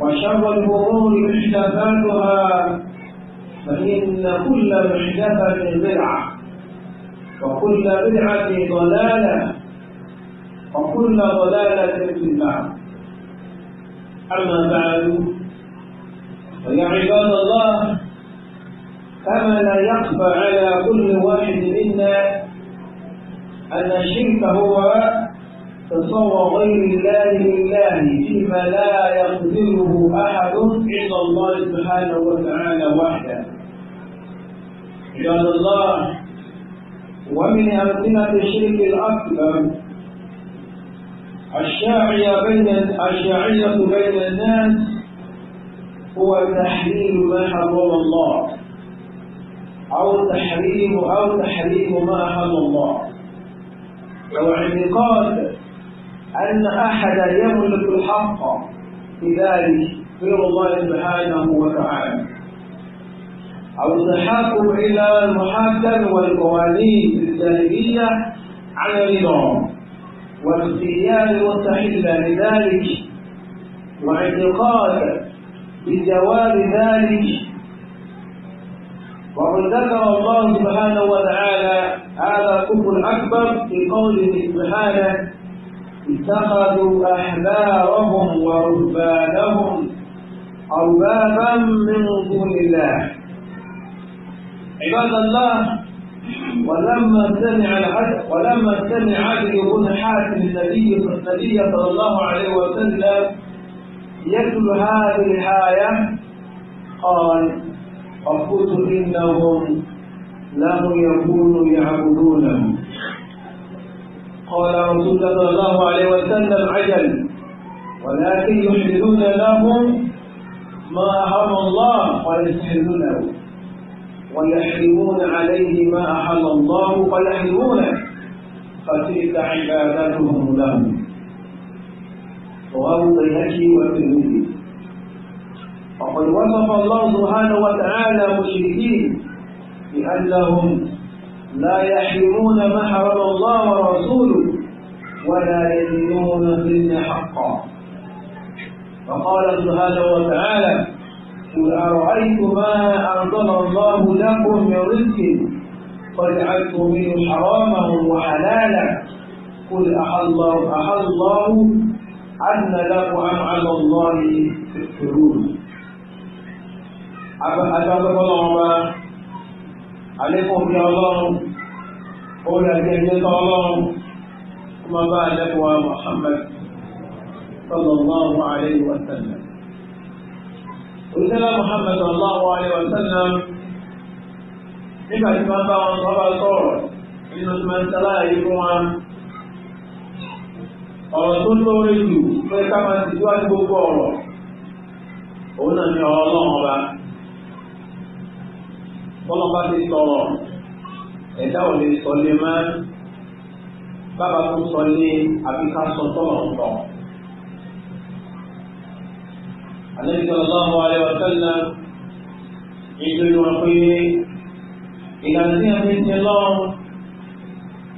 وشر الأمور محدثاتها فإن كل محدثة بدعة وكل بدعة ضلالة وكل ضلالة في النار أما بعد فيا عباد الله كما لا يخفى على كل واحد منا أن الشرك هو تصور غير الله لله فيما لا يقدره أحد الا الله سبحانه وتعالى وحده عباد الله ومن أمثلة الشرك الأكبر الشاعية بين الشاعية بين الناس هو تحليل ما حرم الله أو تحريم أو تحريم ما حرم الله أو اعتقاد أن أحدا يملك الحق في ذلك غير الله سبحانه وتعالى أو التحاكم إلى المحاكم والقوانين الجاهلية على النظام واختيار المستحيل لذلك واعتقاد بجواب ذلك وقد ذكر الله سبحانه وتعالى هذا كفر أكبر في قوله سبحانه اتخذوا أحبارهم ورهبانهم أربابا من دون الله عباد الله ولما سمع ولما سمع علي بن حاتم النبي النبي صلى الله عليه وسلم يتلو هذه الآية قال فقلت إنهم لم يكونوا يعبدونهم قال رسول الله صلى الله عليه وسلم عجل ولكن يحلون لهم ما أحرم الله فيسحرونه ويحرمون عليه ما أحل الله فيحرمونه فتلك عبادتهم لهم رواه البيهقي والترمذي وقد وصف الله سبحانه وتعالى المشركين بأنهم لا يحرمون ما حرم الله ورسوله ولا يدينون الدين حقا فقال سبحانه وتعالى قل ارايت ما أنزل الله لكم من رزق فجعلتم منه حراما وحلالا قل أحل الله أحل الله أن لكم أم على الله تكفرون أبا أبا الله àlékún bí ọlọ́run orí ẹgbẹ́ ẹgbẹ́ tó ọlọ́run tó máa bá àdẹ́kùnwá Muhammad sallallahu alayhi wa sallam òṣèlú Muhammad sallallahu alayhi wa sallam nígbà tí wọ́n bá wọn bá sọ̀rọ̀ nínú tí wọ́n ọ̀rọ̀ tó lórí jù pé ká máa ti síwájú gbogbo ọ̀rọ̀ òun náà ni ọ̀rọ̀ ọlọ́run ọba bọ́lọ́ba ti sọ̀rọ̀ ẹ̀dá ò lè sọ lé mọ́ bàbá tó sọ lé àbí ká sọ tọ̀rọ̀ tọ̀. Àlejò sallallahu alaihi wa sallam ìlú wọn pé ìlànà tí a fi ń ṣe lọ́wọ́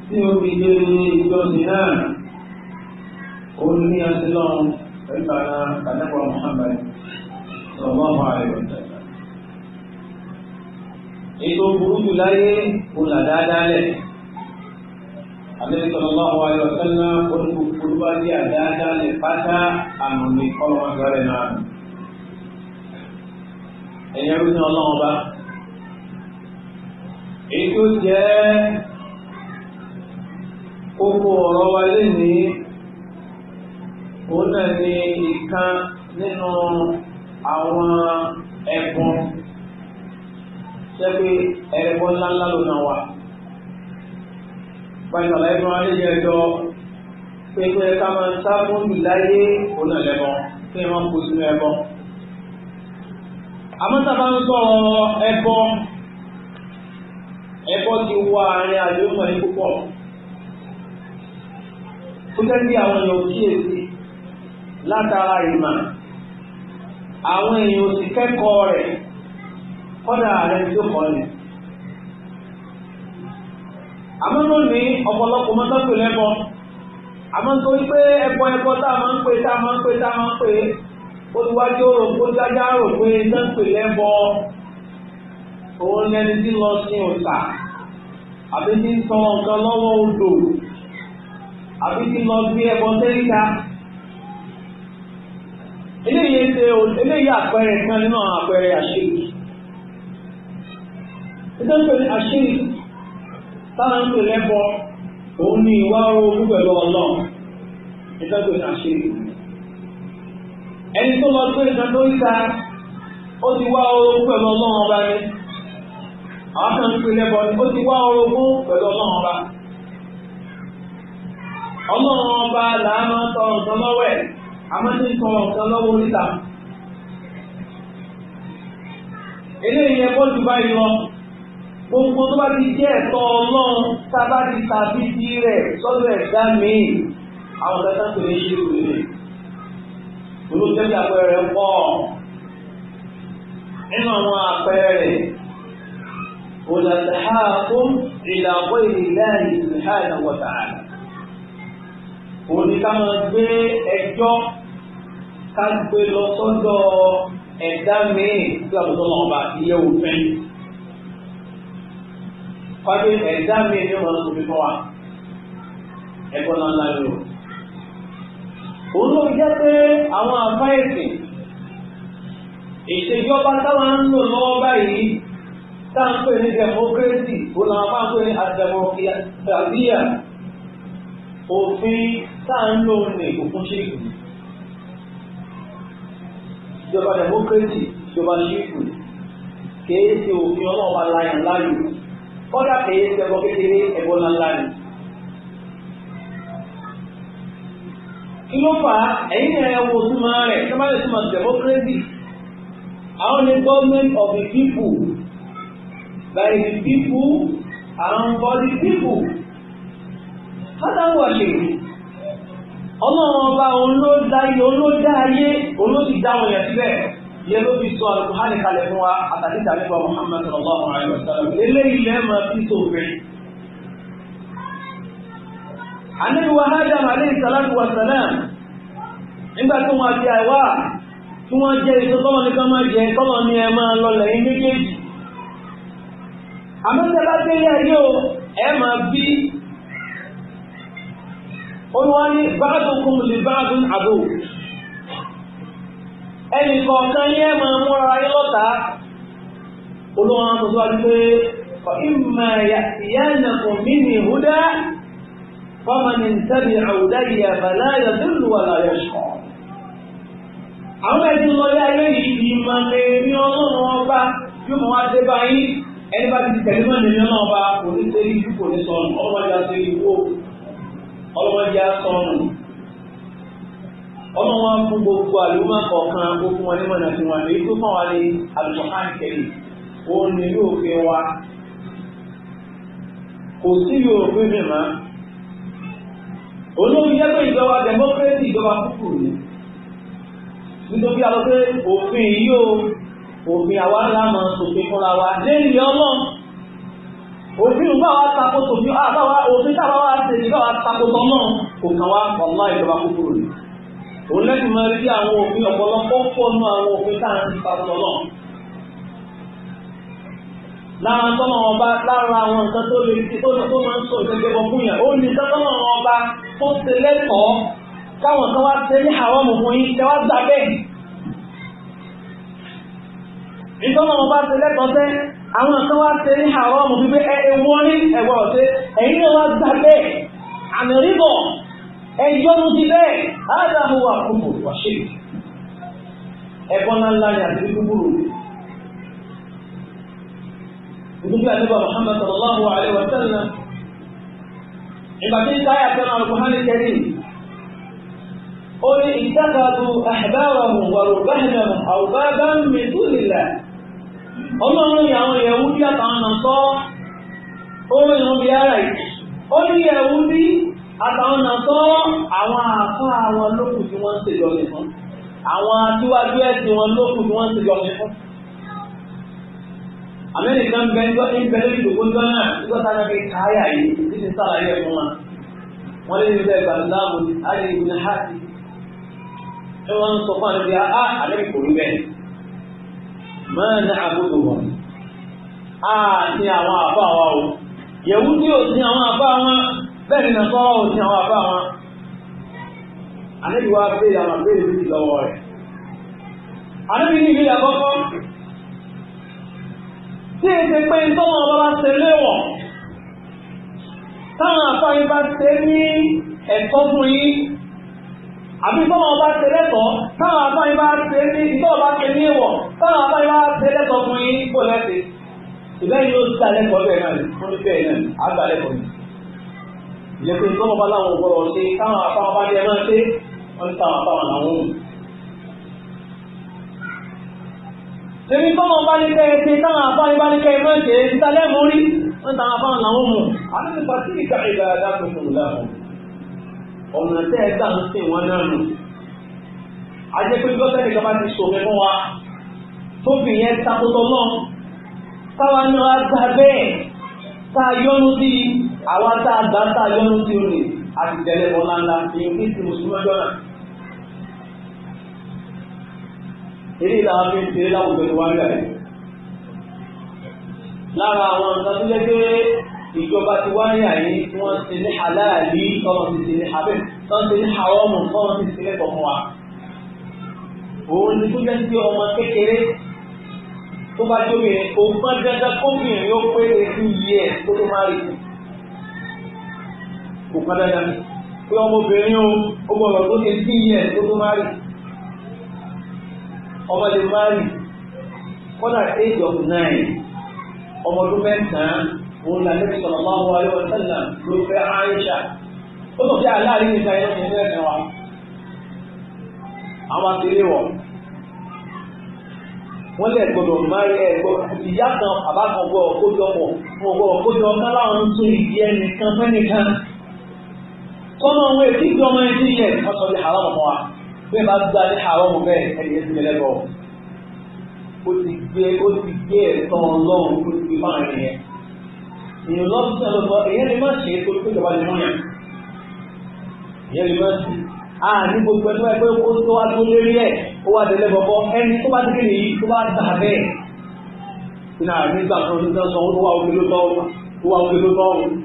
tí ó fi dé ní ìjọsìn náà ó ní àti lọ́wọ́ pẹ̀lú àwọn àdàpọ̀ Muhammad sallallahu alaihi wa sallam ètò burú jù láyé òun àdáadáa lẹ̀ àbẹ́rẹ́ sọ̀rọ̀ lọ́wọ́ ayọ̀ sẹ́lá olùbádé àdáadáa lẹ̀ pátá àmì ní kọ́lọ́mọgbẹ́rẹ́ náà ẹ̀yẹ́ rú ní ọlọ́wọ́ bá èyí tó jẹ́ kókó ọ̀rọ̀ wa lé òun náà ní ìkan nínú àwọn ẹ̀bùn pé ẹ̀rẹ́bọ ńláńlá ló náà wà. Báyọ̀ láì fún alẹ́jọ́ ẹjọ́ pé pé ká máa ń sá fún ìláyé òun náà lẹ́bọ kí ẹ máa ń kó sínú ẹbọ. Àmọ́ sábà ń sọ ẹbọ ẹbọ ti wọ àárín àdéhùn ní púpọ̀. Ó jẹ́ bí àwọn èèyàn kíyèsí látara ìmọ̀ àwọn èèyàn ò sì kẹ́kọ̀ọ́ rẹ̀ kọ́dà rẹ tó kọ́ ni. àmọ́ lónìí ọ̀pọ̀lọpọ̀ mọ́tò tó lẹ́bọ̀ àmọ́ nítorí pé ẹbọ ẹbọ tá a máa ń pè tá a máa ń pè tá a máa ń pè olùwájú rò pé dájá rò pé dáńpè lẹ́bọ òun ni ẹni tí lọ sí ọ̀tà àbí tí ń tọ nǹkan lọ́wọ́ odò àbí tí lọ gbé ẹbọ tẹ́ríta eléyìí ṣe eléyìí àpẹẹrẹ kan nínú àwọn àpẹẹrẹ àṣejù nítorí pé àṣírí táwọn ń pè lẹ́bọ òun ni ìwà orogún pẹ̀lú ọlọ́run nítorí pé àṣírí ẹni tó lọ sí ìtàn tó ń ta ó ti wá orogún pẹ̀lú ọlọ́run ọba ni àwọn kan ń pè lẹ́bọ ni ó ti wá orogún pẹ̀lú ọlọ́run ọba ọlọ́run ọba là á máa tọrọ nǹkan lọ́wọ́ ẹ̀ a máa ti ń tọrọ nǹkan lọ́wọ́ oníta eléyìí ẹ bọ́ọ̀lù báyìí lọ gbogbo tó bá ti jẹ́ ẹ̀tọ́ ọlọ́run tábà ti tàbí sí rẹ̀ sọ́dọ̀ ẹ̀dá míì àwọn ọ̀dọ́ta tó lè ṣe òwe olùjẹ́bí àpẹẹrẹ pọ̀ nínú àwọn àpẹẹrẹ olùdáhàkùn ìlàwọ̀ ìlànà ìlànà wọ̀tà àná òní ká máa gbé ẹjọ́ ká gbé lọ sọ́dọ̀ ẹ̀dá míì tí a bọ̀ sọ́dọ̀ ọba ìyẹ́wò fẹ́ẹ́ kọ́jú ẹ̀dá mi ní wọn kò fi kọ́ wa ẹ̀kọ́ náà ńlá yóò. òun ló jẹ́ pé àwọn àfa ẹ̀sìn ìṣèjọba táwọn ń lò lọ́wọ́ báyìí tá pè ní democracy òun làwọn máa pè ní àdèmọ̀kìyà òfin tá lò ní òfin ṣègùn ìjọba democracy ìjọba ṣègùn kèé ṣe òfin ọlọ́ọ̀bá láyàn láyò kọ́dà pé ẹbọ kékeré ẹbọ ńláńlá ni. kí ló fà á ẹ̀yin ẹ̀ wo súnmọ́ rẹ̀ kí wọ́n lè súnmọ́ democracy àwọn ni government of the people by the people and for the people. Fátà wà lè ọlọ́run ọba òun ló dá ayé òun ló dá ayé òun ló sì dá àwọn èèyàn síbẹ̀ yẹn ló fi sọ alùpùpù kalẹ̀ fún wa àtàkì tàbí fún wa Muhammad sallallahu alayhi wa sallam eléyìí lẹ́ẹ̀ma fi sófin. anabi wa Adam aleyhi salatu wa salam nígbà tí wọn ti àwa tí wọn jẹ èso tọmọ ní ká jẹ tọmọ ní ẹ máa lọ lẹ́yìn méjèèjì. àmọ́tẹ́lá délé ayé o ẹ máa bí olùwárí báàdùn kùn lè báàdùn àdó ẹnì kọ̀ọ̀kan yẹ́ máa múra ayé lọ́ta olóhùn àwọn tó wá pé ìmọ̀ ìyánakùn mí ní ìhúdá fọ́mọ̀nì tẹ́lẹ̀ àwùdá ìyàbàlá yàtúlù wà láyọ̀ ṣọ́ àwọn ẹ̀dùn lọ́yé ayé yìí ìmọ̀ ọmọ wọn fún gbogbo àlùmọ́ kọ̀ọ̀kan gbogbo wọn ní mọ̀nà tí wọn lè tó fún wa ní alùpùpù kẹ́lì òun ni yóò fi wa kò sí yóò fi mi mọ́ olórí yẹ pé ìjọba democracy ìjọba kúkú ni nítorí àlọ́ pé òfin yóò òfin àwa ńlá mọ sòfin fúnra wa lẹ́yìn ọmọ òfin ìgbà wa tako sòfin àbáwa òfin táwa wa ìgbà wa tako tọmọ kò kàn ìjọba kúkú ni òun lẹ́nu máa rí àwọn òfin ọ̀pọ̀lọpọ̀ pọ̀ nú àwọn òfin tá à ń pa tọ̀lọ̀. lára tọ́lọ̀ ọba lára àwọn nǹkan tó lè ti tó máa ń sọ ìgbẹ́gbẹ́ bọ fún yàn ó ní tọ́lọ̀ ọba tó ṣe lẹ́tọ̀ọ́ káwọn kan wá ṣe ní àwọn ọmọkùnrin yìí ṣe wá gbà bẹ́ẹ̀. ìtọ́lọ̀ ọba ṣe lẹ́tọ̀ọ́ sẹ́ àwọn kan wá ṣe ní àwọn ọmọ bíbẹ́ ẹ ewúrẹ́ ẹ̀wọ̀n ṣe ẹ̀yin náà ẹjọ́ ló ti bẹ́ẹ̀ ádámù wà kúrò wàṣẹ ẹ̀kọ́ náà ńlá yà sí kúkúrò. Ìdúgbò àdébà Mùhàmmad sallallahu alayhi wa sallam ìgbà tí táyà tó náà lọ́kùn hàn kẹ́rì ó ní ìtàkàtù àhìbáwàhùn wàrùbáhìnàmù àwùbábá mẹ́tòlélà ọlọ́run yà àwọn yẹ̀wù bí àtàwọn nà sọ ó ní ìrún ara yìí ó ní yẹ̀wù bí àtàwọn náà àwọn àáfàá àwọn lókùn tí wọ́n ń ṣèjọ nìkan àwọn aṣíwájú ẹ̀sìn wọn lókùn tí wọ́n ń ṣèjọ nìkan. amẹ́ríkà ń bẹ ń bẹ lórí ka jọ náà nígbà tá a náà fi káyà yìí tí ti sàlàyé fún wa. wọ́n lé nílẹ̀ gbàdúràmù àyè ìgbìnà hàtì. ẹ wọ́n ń sọ fún àdébíyà á kò rí bẹ́ẹ̀. máa àbúrò wọn. a ti àwọn àbá wa bẹ́ẹ̀ ni nàkọ́rọ̀ ò sí àwọn àbá wọn àníbiwá béèrè àwọn béèrè méjì lọ́wọ́ rẹ̀ àníbi ní ìbílẹ̀ àkọ́kọ́ tí èsì pé tọ́wọ́ ọba bá ṣe léwọ̀ táwọn àfáyín bá ṣe ní ẹ̀tọ́ fún yín àbí tọ́wọ́ ọba ṣe lẹ́tọ̀ọ́ táwọn àfáyín bá ṣe ní ìtọ́wọ́ bá ṣe ní ìwọ̀ táwọn àfáyín bá ṣe lẹ́tọ̀ọ́ fún yín kò lẹ́sìn ìbẹ́yìn ló ṣàlẹ́kọ̀ọ́ bẹ́ẹ̀ náà ní fún bẹ́ẹ̀ náà àgbàlẹ́kọ̀ọ́ yìí ìyẹn pé tọ́mọ bá láwọn ọ̀gbọ́rọ̀ ṣe táwọn afáwọn bá ní ẹ máa ṣe wọ́n ní táwọn afáwọn làwọn òun. èmi tọ́mọ bá ní kẹ́ ẹ ṣe táwọn afáwọn bá ní kẹ́ ẹ máa ṣe é títa lẹ́mú rí wọ́n táwọn afáwọn làwọn mú. àmì nípa tí ìka ìgbà ẹ̀dá tuntun lẹ́mú ọ̀nà tẹ́ ẹ gbà ń sìn wọ́n náà nù. a jẹ́ pé gbọ́dọ̀ nìkan bá ti ṣòfin fún wa tóbi yẹn takotọ́ náà táwa náà gbà bẹ́ẹ̀ tá a yọ́nu sí àwọn tá a gbà tá a yọnu tí o ní àti tẹ̀lé ọ̀la ńlá èyí ní ti mùsùlùmí ọjọ́ náà. èyí làwọn fi ń ṣeré láwùjọ tó wá ń gbàgbé. lára àwọn nǹkan tó jẹ́ pé ìjọba ti wá ní àyè tí wọ́n ti ní aláàlí tọ́wọ́n ti ti ní abẹ́ tọ́wọ́n ti ní àwọ̀mù tọ́wọ́n ti ti lẹ́kọ̀ọ́ fún wa. òun ni tó jẹ́ sí ọmọ kékeré tó bá jóbi rẹ̀ òun pọ́n dandan kóbìnrin ó pé eighteen years kó tó má rí i kò pẹ́ dáadáa ní pé ọmọbìnrin o ó gbọ́dọ̀ tó ṣe tí yẹ tó tó máa rì ọmọ lè máa rì kọ́dà age of nine ọmọ ọdún mẹ́sàn-án òun là ní sọ̀rọ̀ máa wọ ayé wọn sẹ́lẹ̀ ló fẹ́ Aisha ó sọ pé aláàrí ní ìta ẹ̀yọ́ ìṣẹ́ ẹ̀sìn wa àwọn àti ilé wọ̀ wọ́n lè gbọ́dọ̀ máa rí ẹ̀gbọ́ ìyá kan bàbá kan gbọ́ ọkójọ pọ̀ wọn gbọ́ ọkójọ ọ̀kan láwọn ń tún ìdí ẹnìkan fẹ́nìkan kọ́mọ òun èsì ìgbé ọmọ ẹni yẹ wọ́n sọ di haram mọ́ wa bẹ́ẹ̀ bá gba ní haram bẹ́ẹ̀ ẹni yẹn ti gbẹlẹ́ bọ̀ ó ti gbé ó ti gbé ẹ̀tọ́ ọlọ́run ó ti gbé fáwọn ẹni yẹn èèyàn lọ́sùn sẹ́lẹ̀ sọ èèyàn lè má ṣe é tó tó ìjọba lè mú yàn èèyàn lè má ṣe á ní gbogbo ẹni wáyé pé ó tó wá tó lérí ẹ̀ ó wá délé bọ̀bọ̀ ẹni tó bá ti kéde yìí tó bá dà bẹ́ẹ̀ ìnáà nígbà tó ń sọ ó wà ó kéde tó tọ́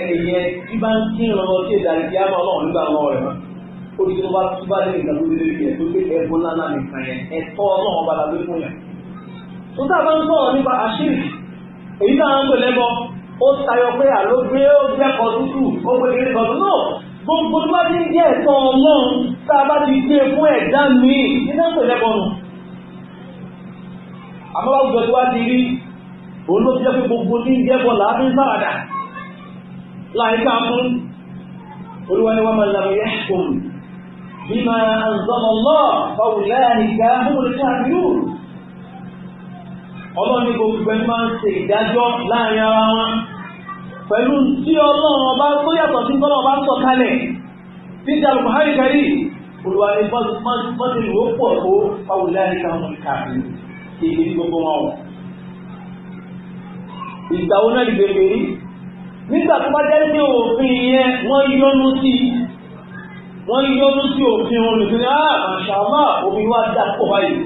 ẹni yẹn tí bá ń kí ìrànlọ́ sí ìdarí kí á máa lọ́wọ́ nígbà náà rẹ̀ mọ́ ó ti tó bá tó bá lé nǹkan tó lé yẹn tó lé ẹ̀bùn lánàá nìkan yẹn ẹ̀tọ́ ọlọ́run bá la gbé fún yẹn. tó tá a bá ń sọ̀rọ̀ nípa àṣírí èyí náà ń pèlẹ́ bọ́ ó tayọ pé àló gbé ó jẹ́ kọ tútù ó gbé kiri kọ tútù gbogbo tó bá ti ń jẹ́ ẹ̀tọ́ ọlọ́run tá a bá ti gbé e fún ẹ̀dá mi nígbà ń pèlẹ́ bọ́ nù. àmọ́ wá gbọ́dọ̀ ti rí òun ló ti jẹ́ láìka fún olúwa ni wọ́n máa lọ yẹ kùn bima anzala Allah fa ulaika humul kafirun ọlọ́run ní gbogbo ẹni máa ń ṣe ìdájọ́ láàrin ara wọn pẹ̀lú tí ọlọ́run ọba tó yàtọ̀ sí tọ́lọ́ ọba ń sọ kalẹ̀ tí ìjà lùkọ́ hàrí kẹrí olùwà ní bọ́sẹ̀ ló pọ̀ tó fáwọn láàrin káwọn ìkàkùn ìgbà wo náà ìbèrè nígbà tó bá jẹ́ pé òfin yẹn wọ́n yọ́nú sí wọ́n yọ́nú sí òfin wọn lè fi ní àà àṣàmà omi wá dá pọ̀ báyìí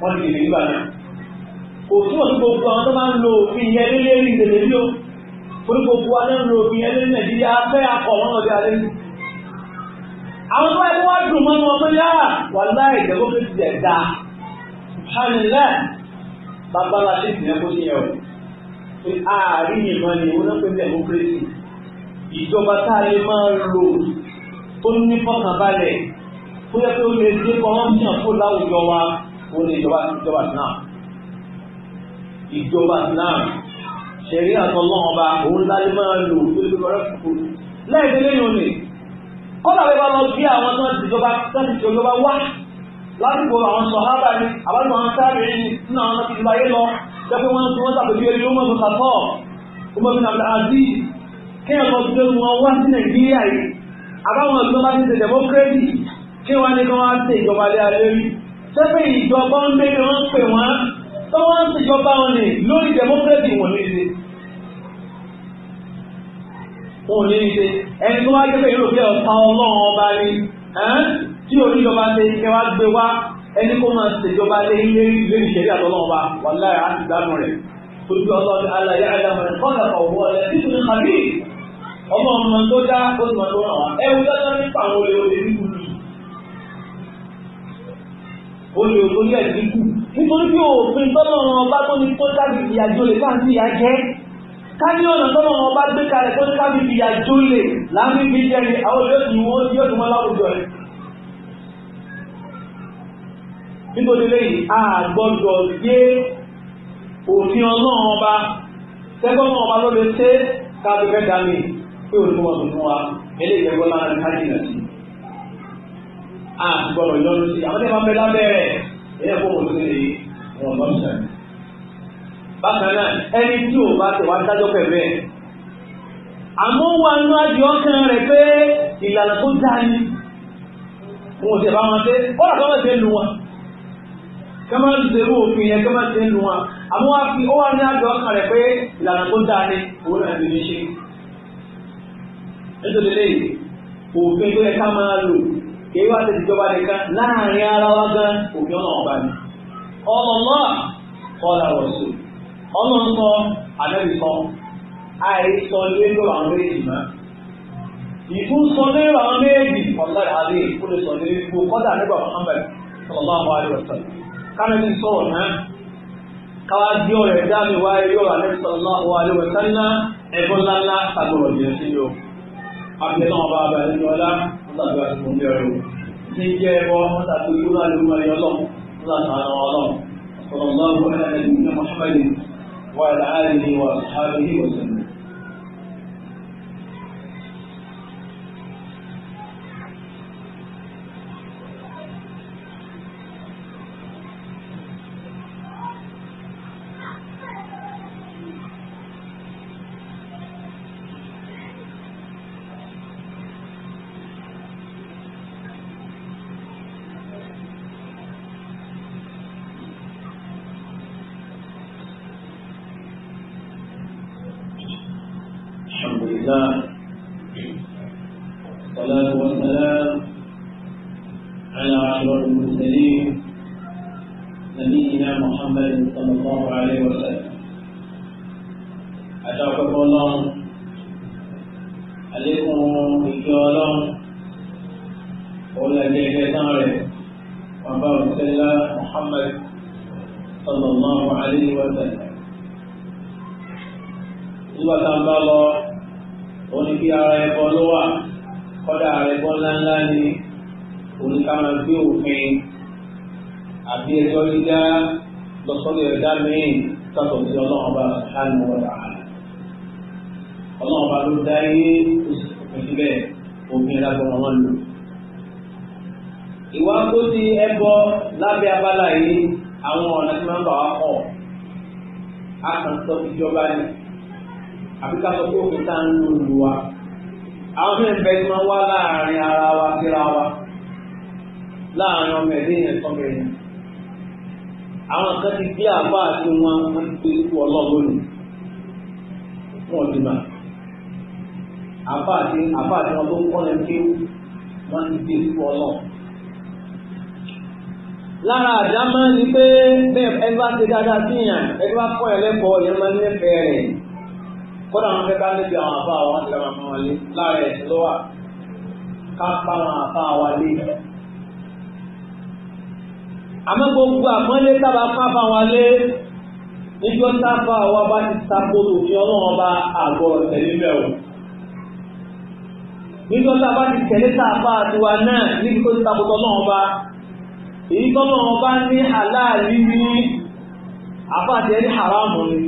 wọ́n ti lè nígbà náà kò túmọ̀ sí gbogbo àwọn tó máa ń lo òfin yẹn lé lérí ìdèlè bí ó orí gbogbo wa náà ń lo òfin yẹn lé nàìjíríà fẹ́ akọ̀ wọn lọ́dẹ alẹ́ yìí àwọn tó ẹgbẹ́ wá dùn mọ́ wọn pé yáà ah, wà láì ìjẹ́gbó fi ti ẹ̀ dáa pé ààrin ìmọ̀ ni wọ́n náà pé democracy ìjọba tá a lè máa lò tó ní fọkànbalẹ̀ tó yẹ pé ó lè dé corruption fún láwùjọ wa wọ́n ní ìjọba ìjọba náà ìjọba náà ṣẹ̀rí àtọ́lọ́wọ́n ọba òun lálẹ́ máa lò tó lè kọ́rẹ́ kúkú lẹ́yìn lẹ́yìn òní kọ́lá bẹ́ẹ̀ bá lọ bí àwọn tó ń tìjọba tó ń tìjọba wá lásìkò àwọn sọ̀hábà ni àbájọ àwọn sáré ni nínú àwọn tó ti lọ ayé lọ jẹ́pẹ́ wọ́n ti wọ́n sàpèjú ẹni ló mọ̀tò sàtọ́ ọmọbìnrin àbúrò àti kéèyàn lọ sí lórí wọn wá sí nàìjíríà yìí àbáwọn ọ̀dọ́ bá ti ṣe democracy kí wọ́n ní kí wọ́n á ṣe ìjọba lé alẹ́ rí sẹ́pẹ́ ìjọba ń gbé ni wọ́n pè wọ́n tó wọ́n ń ṣèjọba wọn ni lórí democracy wọ́n ní ṣe wọn ní ṣe ẹni tó wá gbé yóò fi ọ̀sán ọlọ́run ọba ni tí oníjọba ṣe kẹwàá gbé wá ẹni kó máa ṣèjọba lé ilé ìṣẹ̀lẹ̀ àtọ́lọ́wọ́ wà láyà á ti gbádùn rẹ̀ ojú ọlọ́dún alayé alámọ̀rẹ́ kọ́lá ọ̀wọ́ ẹ̀ títún ní kàbí ọmọ ọmọ tó dá ó ti máa tó ràn wá ẹ̀rù dáná nípa àwọn olè olè níkù ni olè olè ẹ̀ níkù nítorí bí òfin tọ́lọ́run ọba tó ní tó dábì ìyàjó lè ká sí ìyàjẹ́ ká ọ̀nà tọ́lọ́run ọba gbé kalẹ̀ tó ní ìyàjó lè láàrin fi jẹ́rìí àwọn olè nítorí lẹ́yìn a gbọ́dọ̀ gbé òfin ọlọ́run ọba tẹ́gbọ́n ọba ló lè ṣe káàdì fẹ́ dàmì pé òfin wọn tuntun wa eléyìí ẹgbẹ́ lára ní káàdì náà sí. a gbọ́dọ̀ yọnu sí àwọn tẹ́gbọ́n fẹ́ lábẹ́rẹ̀ ẹ̀yẹ fún òun sí lèyí wọn lọ sàn. bákan náà ẹni tí ò bá tẹ̀ wá dájọ́ pẹ̀lú ẹ̀ àmọ́ wà nínú àjọ kan rẹ̀ pé ìlànà tó dáa ni wọn ò tẹ̀ bá wọn ṣe ó rà kọ́ kama zero òfin yẹn kama ti ń lu wọn àmọ́ wá fi ó wà ní àjọ ọkàn rẹ̀ pé ìlànà tó dáa ni òun náà lè ṣe nítorí lẹ́yìn òfin tó yẹ ká máa lò kì í ìjọba nìkan láàrin ara wa gan òfin ọ̀nà ọ̀gbà ni ọmọ náà kọ́ la rọ̀ sí ọmọ ń sọ ànábì sọ àìsọ lé lọ́wọ́ àwọn méjì máa ìfún sọ lérò àwọn méjì ọ̀sán àlè ìfúnni sọ lérò ìfún kọ́dà nígbà Muhammad sallallahu alaihi wasallam kánẹ́bí sọ̀rọ̀ náà káwá gbé ọ̀rẹ́ dáàmì wá ilé ọ̀rọ̀ alẹ́ sọ̀rọ̀ wà lè wẹ̀ sánná ẹ̀gbọ́n ńláńlá sàgbọ̀rọ̀ jẹ́ sí o. abẹ́lẹ́ wọn bá abẹ́ ẹni ọlá wọn tàbí àti mọ̀ ní ọ̀rẹ́ o. ní jẹ́ ẹ̀bọ wọn tàbí ìgbóná ló mọ ẹyọ lọ wọn tàbí àwọn ọlọ́run sọ̀rọ̀ lọ́wọ́ ẹni الله ọlọ́run bá ló dá ayé oṣù pẹ̀lú bẹ́ẹ̀ òfin ìdájọ́ wọn lò. ìwà tó ti ẹbọ lábẹ́ abala yìí àwọn ọ̀nà tí máa ń bà wá pọ̀ a kàn sọ ìjọba ni àbí ká sọ pé òfin tá ń lò lù wa. àwọn mìíràn bẹ́ẹ̀ tí wọ́n wá láàrin ara wa síra wa láàrin ọmọ ẹ̀dẹ́ yẹn sọmọ ẹ̀yìn. àwọn kan ti gbé àbá àti wọn wọn ti gbé ipò ọlọ́run lónìí. wọn ò máa àfa àti àfa àti wọn tó ń kọ́ lẹ́nu kéwù wọ́n ti di ìsú ọlọ́run. lára àdámọ́ ni pé bẹ́ẹ̀ ẹni bá ṣe dáadáa sí yàn ẹni bá kọ́ ẹ̀ lẹ́kọ̀ọ́ yẹn máa ń lẹ́fẹ̀ẹ́ rẹ̀ kódà wọn fẹ́ ká lẹ́bi àwọn àfa àwọn àti àwọn àfa wọn lé lára ẹ̀ ló wà ká pa àwọn àfa wa lé. àmọ́ gbogbo àpọ́nlé sábà fún àfa wa lé níjọ́ sábà wa bá ti sàkóso fi nígbà tá a bá ti tẹ̀lé tá a bá àtiwá náà níbi tó ti takòtọ́ náà bá èyí tó náà bá ní aláàlí ní àfáàtì ẹni haramu ni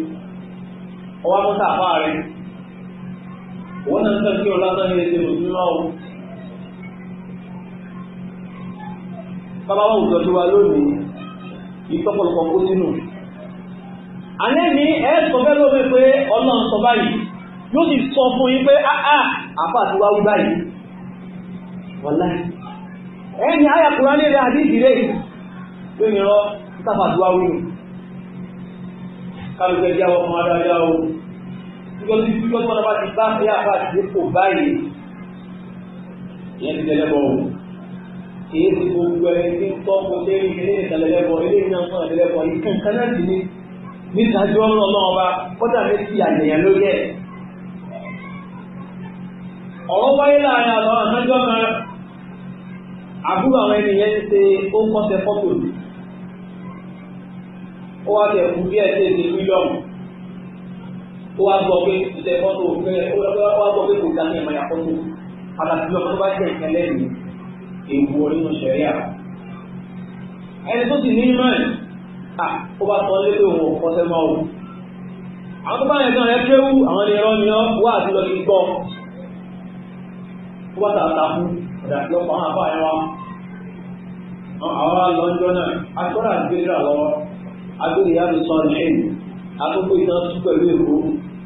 ọwọ́ akọ́ta a rẹ̀ wọ́n náà ń tẹ́ kí ọlá tán ní ẹsẹ̀ lòdì náà o. bàbá wa òjò ti wa lónìí ìtọ́pọ̀lọpọ̀ kó sínú. àlẹ́ mi ẹ̀ sọ fẹ́ lómi pé ọlọ́run sọ báyìí yóò sì sọ fún yín pé áá àfáà tí wá wí báyìí wọ́lá ẹni àyà kùránì rẹ̀ àdíjì rẹ̀ tó ní rọ sáfà tí wá wí nù kálùkẹ́ jẹ́ ọmọ adájá o nítorí tí wọ́n tó bá ti bá ẹ̀yà àfáà tí kò báyìí ìyẹn ti tẹ̀lẹ́bọ̀ o kìí ti gbogbo ẹni tí ń tọ́kọ lérí ilé ìtẹ̀lẹ́bọ̀ ilé ìnáwó ìtẹ̀lẹ́bọ̀ ìkànkanáà sí ní nítajọ́ ọlọ́ọ̀ba kọ́dà mẹ́sì ọ̀rọ̀ wáyé láàrin àwọn àtọ́jọ́ kan àbúrò àwọn ènìyàn ń ṣe ó kọ́sẹ̀ fọ́tò ó wá tẹ̀ fún díẹ̀ tí èdè mílíọ̀nù ó wá gbọ́ pé ìṣẹ̀ fọ́tò ó wá gbọ́ pé kò dá ní ẹ̀mọ̀ yà fọ́tò pàtàkì lọ tó bá jẹ́ ìkan lẹ́nu èwu nínú sẹ̀ríà ẹni tó sì ní mẹ́rin à ó bá sọ lé pé òun ò kọ́sẹ̀ mọ́ o àwọn tó bá yẹn kan rẹ kéwú àwọn ẹni ẹ̀rọ ni wọ́n lọ sí gbọ́ tó bá tààtà fún ọ̀dà tí ọkọ̀ àwọn àbá yẹn àwọn alọ́jọ́ náà akọ́rọ̀ àgbéra lọ́wọ́ agbèrè yá ló sọ nìyẹn àkókò ìtàn tún pẹ̀lú èkó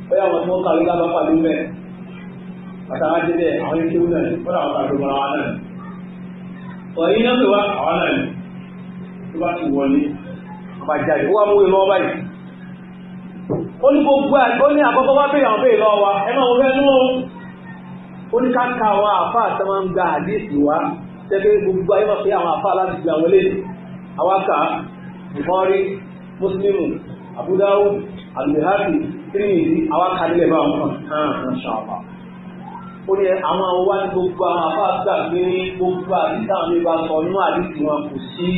bóyá wọn tí wọ́n kàwé lábá pàdé mẹ́ bàtà wá débẹ̀ àwọn ilé kéwú náà kọ́ra àwọn àgbè wọn àwọn náà. ọ̀yìn náà ti wá àwọn náà tó bá ti wọlé àbájáde ó wá mú ìlú ọ báyìí ó ní gbogbo àgbọ̀ ní àkọ́kọ́ wá bèèrè àwọn bèèrè lọ́wọ́ ẹ máa wọ oníkàkà àwọn àfa àtàwọn ń gba àdéhùn wa tẹ́gbẹ́ gbogbo ayé máa fi àwọn àfa láti gba àwọn eléyìí àwọn Bukhari Muslimu Abu Dawud Al-Baihaqi Tirmidhi àwọn kà nílẹ̀ bá wọn kàn án ṣàpà ó ní àwọn wa ní gbogbo àwọn àfa gbà pé gbogbo àdéhùn àwọn ìbá sọ nínú àdéhùn wọn kò sí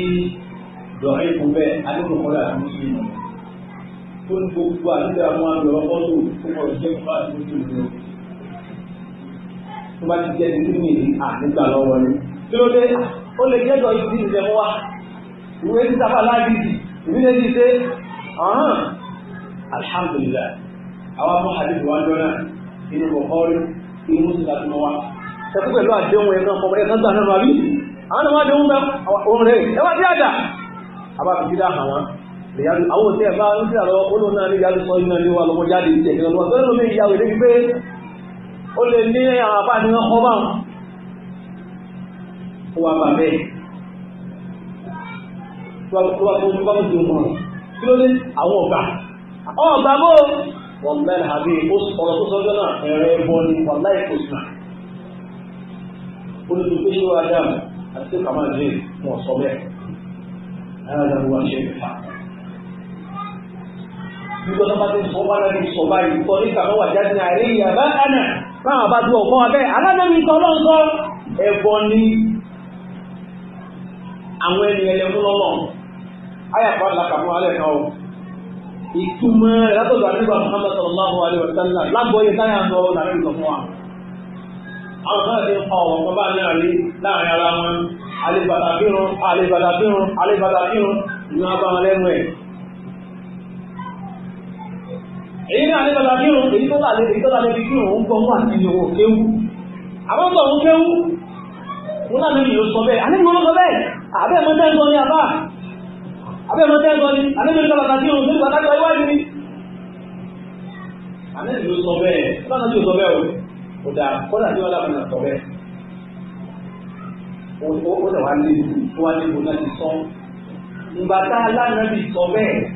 dọ̀rẹ́ ìkú bẹ́ẹ̀ adéhùn kọ́lá àti Muslimu tó ní gbogbo àdéhùn àwọn àgbẹ̀rọ̀ fọ́tò tó kọ̀ tó bá ti jẹ́ ní ní ìlú ànígbà lọ́wọ́ ni tí ló dé ó lè jẹ́jọ́ ìdí ìṣẹ́ mú wa ìwé tí sábà láàbìdì ìbí lè ti ṣe ọ̀hán alhamdulillah àwọn afọ àdìsí wa ń dọ́nà inú kọ̀kọ́rí inú mùsùlùmí àti mọ́wá ṣẹ́kú pẹ̀lú àdéhùn ẹ̀kan ọmọ ẹ̀kan gbà náà rí àwọn ọmọ àdéhùn bá òun rẹ̀ ẹwà tí àdà àbá fi dídá hàn wọn ìyàlú àwọn òṣèlú bá ń sí àlọ́ olóòrùn náà ní ìyàlú sọ iná ní wa lọ́wọ́ jáde ìṣẹ̀kẹ́ lọ́wọ́ ó lè ní àwọn àpá ní wọ́n kọ́ báwọn ó wà bà bẹ́ẹ̀ tó wà tó bá tó tó mọ̀ kí ló dé àwọn ọ̀gá ọ̀gá bó wọn mẹ́rin àbí ọ̀rọ̀ tó sọ́jọ́ náà ẹ̀rẹ́ bọ́ ní wọn láì kò sí náà olùdókè ṣe wá dáàmú àti tó kàmá jẹ́ wọn sọ bẹ́ẹ̀ ẹ̀rọ wa ṣe é fà. Bí wọ́n bá ti sọ wá láti sọ báyìí, kọ́ ní kàmá wà jáde ní àárín ìyàbá àná báwọn bá dúró kọ́ abẹ́ alábẹ́mi sọ lọ́n sọ ẹ̀bọ ni àwọn ènìyàn lè mú lọ́lọ́ ayàpá làkàmú alẹ́ kan o ìtumọ̀ rẹ̀ látọ̀dọ̀ àdúgbò Muhammad sallallahu alayhi wa sallam lágbóyè táyà ń lọ làwọn ìlú fún wa àwọn náà ti ń pa ọ̀wọ̀ kan bá ní àrí láàrin ara wọn alẹ́ bàtà kírun alẹ́ bàtà kírun alẹ́ bàtà kírun ìlú abáwọn lẹ́nu ẹ̀ èyí náà ní bàbá kírun èyí tó tàlẹ́ èyí tó tàlẹ́ fi kírun òun gbọ́ mú àti ìyòwò kéwù àwọn òun kéwù wọn náà lórí yóò sọ bẹ́ẹ̀ àní ìwọ́n sọ bẹ́ẹ̀ àbẹ́ ẹ̀mọ́ ń sọ ní àbá àbẹ́ ẹ̀mọ́ ń sọ ní àní ìwọ́n bàbá sọ bẹ́ẹ̀ bàbá tí ò sọ bẹ́ẹ̀ o kò dà sọ bẹ́ẹ̀ ó dà wá lé wá lé wọn láti sọ ìgbà tá a lánàá sọ bẹ́ẹ̀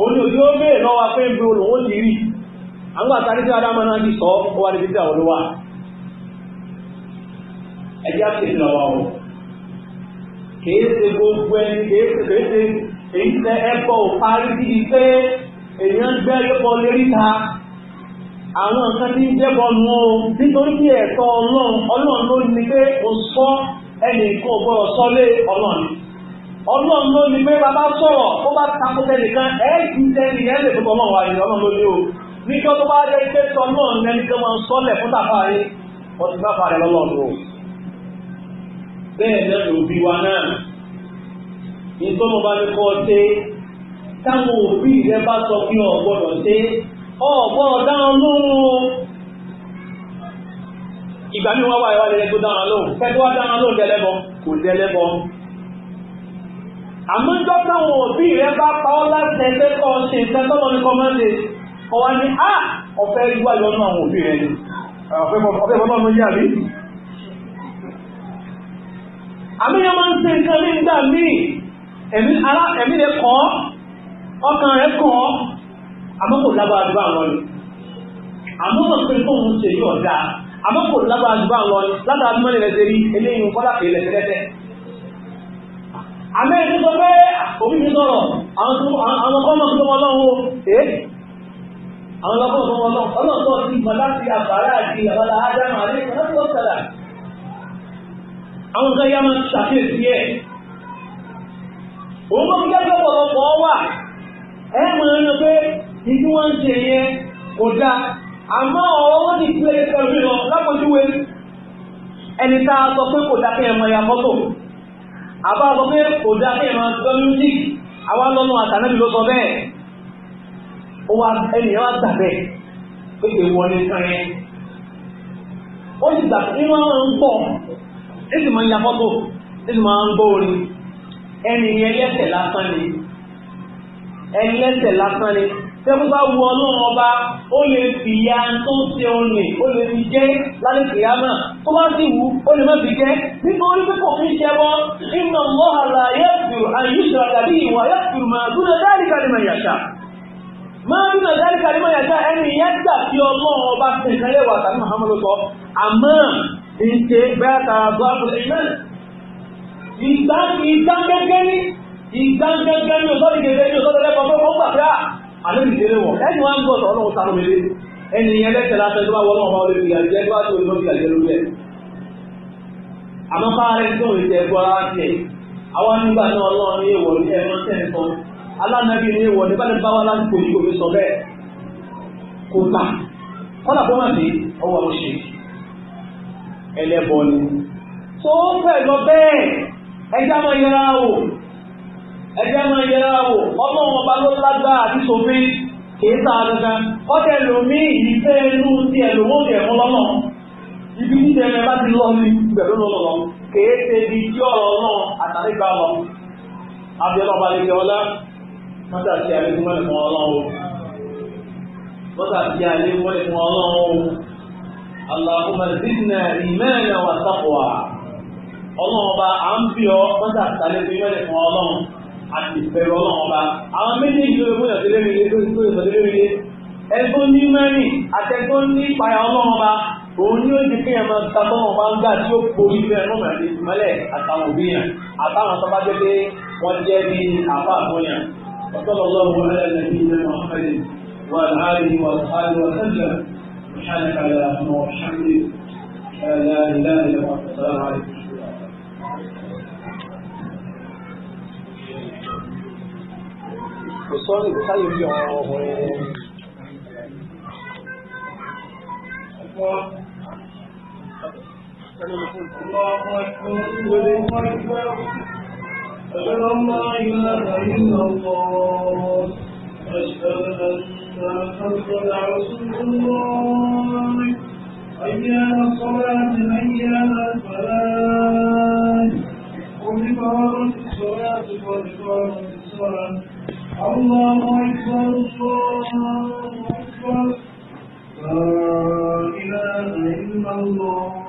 òun ni òjò bèèrè lọ́wọ́ pé ń bí olùwọ́n ti rí àwọn àtàrí tí adámọ́ náà ti sọ ó wà níbi tí àwọn olówà ẹjẹ́ àti ìlọ́wọ́ ọ̀rọ̀ kìí ṣe gbogbo ẹni kìí ṣe kìí ṣe èyí tẹ ẹ̀kọ́ ò parí sí i pé èèyàn gbẹ́ lọ́pọ̀ lérí ta àwọn nǹkan tí ń jẹ́bọ̀ nù ó nítorí bí ẹ̀tọ́ ọlọ́run ọlọ́run ló ní pé mo sọ ẹnì kan ò gbọ́dọ̀ sọ́lé ọlọ́run ọlọ́run ló ní pé bàbá sọ̀rọ̀ ó bá takùtẹ̀ nìkan ẹ̀ kì í tẹ́lẹ̀ yẹn lè fọ́tọ̀ ọlọ́run wáyé ọlọ́run ló ní o níjọ́ tó bá dé pé sọ náà nẹni tó máa ń sọ́lẹ̀ fún tàfà yé wọ́n ti bá fà rẹ̀ lọ́lọ́run o. bẹ́ẹ̀ náà ló bí wa náà ní tó mo bá ní kọ́ ṣe táwọn òbí rẹ bá sọ pé o gbọ́dọ̀ ṣe o gbọ́dọ̀ dáhùn lóhùn o ìgbà mi wá wáyé wá lẹ́yìn tó dáhùn lóhùn kẹ́tọ́ wá dáhùn àmọ́jọ́ táwọn òbí rẹ bá pa ọ́ láti ẹgbẹ́ kọ́ ṣe nǹkan tó lọ ní kọ́ máa ṣe ọwọ́ ni a ọ̀fẹ́ wà lọ́nà àwọn òbí rẹ ni ọ̀fẹ́ bọ́ lọ́nà yà rí. àmọ́jọ́ máa ń ṣe nǹkan ní ìgbà míì ẹ̀mí ara ẹ̀mí rẹ kọ́ ọkàn rẹ kọ́ àmọ́ kò lágbára ju báwọn lọ ni àmọ́ mọ̀ pé fóun ṣe yí ọ̀dà àmọ́ kò lágbára ju báwọn lọ ni látàrí mọ́lẹ̀ rẹ ṣe àmẹ́rin tó sọ pé òbí mi sọ̀rọ̀ àwọn ọkọ̀ ọmọ tó wọn lọ́wọ́ ẹ́ àwọn ọkọ̀ tó wọn lọ́wọ́ ọlọ́tọ̀ ti mọ̀ láti àbára àti àbára ádámù àlékún láti wọ́n sọ̀rọ̀ àwọn ọ̀gá yá máa ń ṣàkíyèsí ẹ̀ òun ló fi dájọ́ pọ̀lọpọ̀ wà ẹ máa ń pé ìdí wọn ń ṣe yẹn kò dáa àmọ́ ọ̀rọ̀ wọn ti fi ẹ̀ka mi lọ ẹni tá a sọ pé kò dáa kí ẹ àbá sọ pé kò dá kí ẹ máa gbọ́ music àwa lọ́nà àtàlẹ́bí ló sọ bẹ́ẹ̀ ó wá ẹnìyàn wá gbà bẹ́ẹ̀ pé kò wọlé sẹ́yìn ó sì gbà pé wọ́n ń pọ̀ ó sì máa ń ya fọ́tò ó sì máa ń gbọ́ orin ẹnìyàn lẹ́sẹ̀ lásán ni ẹni lásán ni tẹ́kún bá wu ọlọ́run ọba ó lè fi ya tó ń ṣe òun lè ó lè fi jẹ́ lálẹ́ kìyàmà tó bá sì wù ó lè má fi jẹ́ nítorí pé kò fi jẹ́ bọ́ iná mọ́hàlà yẹ́fù àyíṣọ́ àdàbí ìwà yẹ́fù máa dúró dárí kálí máa yàṣà máa dúró dárí kálí máa yàṣà ẹni yẹn gbà fi ọlọ́run ọba ṣe ìkálẹ̀ wà tàbí Muhammadu sọ àmọ́ ìṣe bẹ́ẹ̀ tààrà bọ́ ìgbà ìgbà gẹ́gẹ́ ní ìgbà gẹ́gẹ́ ní òṣèlú àlóbi ìdílé wọ̀ ẹni wọn gbọ́ sọ̀rọ̀ lọ́wọ́ sáré mele ẹni yẹn lẹ́sẹ̀ lásán tó bá wọ́n lọ́wọ́ lórí ìyàjẹ́ tó bá tó lórí ìyàjẹ́ lórí ẹ̀. àmọ́ fáárẹ̀ tó ń jẹ gbọ́ ara tiẹ̀ àwọn nígbà náà ọlọ́run ní èèwọ̀ ní ẹ̀rọ sẹ́ǹtọ́ alánàbí ní èèwọ̀ nígbà nípa wà lásìkò yìí kò fi sọ bẹ́ẹ̀ kò gbà kọ́lá kó má dé ọwọ́ àwọn ṣe ẹlẹ́bọ ni. tó fẹ́ lọ bẹ́ẹ̀ ẹjá máa yẹra wò ẹjẹ́ máa yẹra wò ọmọ wọn bá ló lágbára àti sòfin kì í ta dandan ọ̀tẹ̀ lómi ìfẹ́ inú ti ẹ̀lòmó ti ẹ̀mú lọ́nà ibi tí tẹ̀lé bá ti lọ ní ibẹ̀ ló lọ́nà lọ kì í ṣe ibi tí ọ̀rọ̀ náà àtàlẹ́gbà lọ. abiola balẹ̀kẹ́ ọlá mọ́tà sí àlékún mọ́lẹ̀ fún ọlọ́run mọ́tà sí àlékún mọ́lẹ̀ fún ọlọ́run Allahumma zidna imana wa taqwa ọlọ́run ọba à ń bí ọ mọ́tà sí àlékún mọ́lẹ̀ fún ọlọ́run àti ìbẹ̀rù ọlọ́run ọba àwọn méjèèjì ló mú ìyàtọ̀lẹ́rìndé tó ti tó ìyàtọ̀lẹ́rìndé ẹgbẹ́ ní mẹ́rin àtẹ́gbẹ́ ní ìpayà ọlọ́run ọba òun ni ó di kéèyàn máa ta tọ́wọ́n bá ń gbà tí ó borí bẹ́ẹ̀ náà mẹ́rin ìmọ́lẹ̀ àtàwọn òbí yàn àtàwọn tó bá dédé wọ́n jẹ́ bí àbá àtúnyàn وصلى الله على نبينا محمد وعلى اله وصحبه وسلم سبحانك اللهم وبحمدك لا اله الا انت السلام عليكم kò sọ́ọ̀rì kò sáyé bí ọ̀rọ̀ ọ̀rọ̀ أيام الصلاة أيام الصلاة قل بقرة الصلاة قل بقرة الصلاة الله أكبر الله أكبر لا إله إلا الله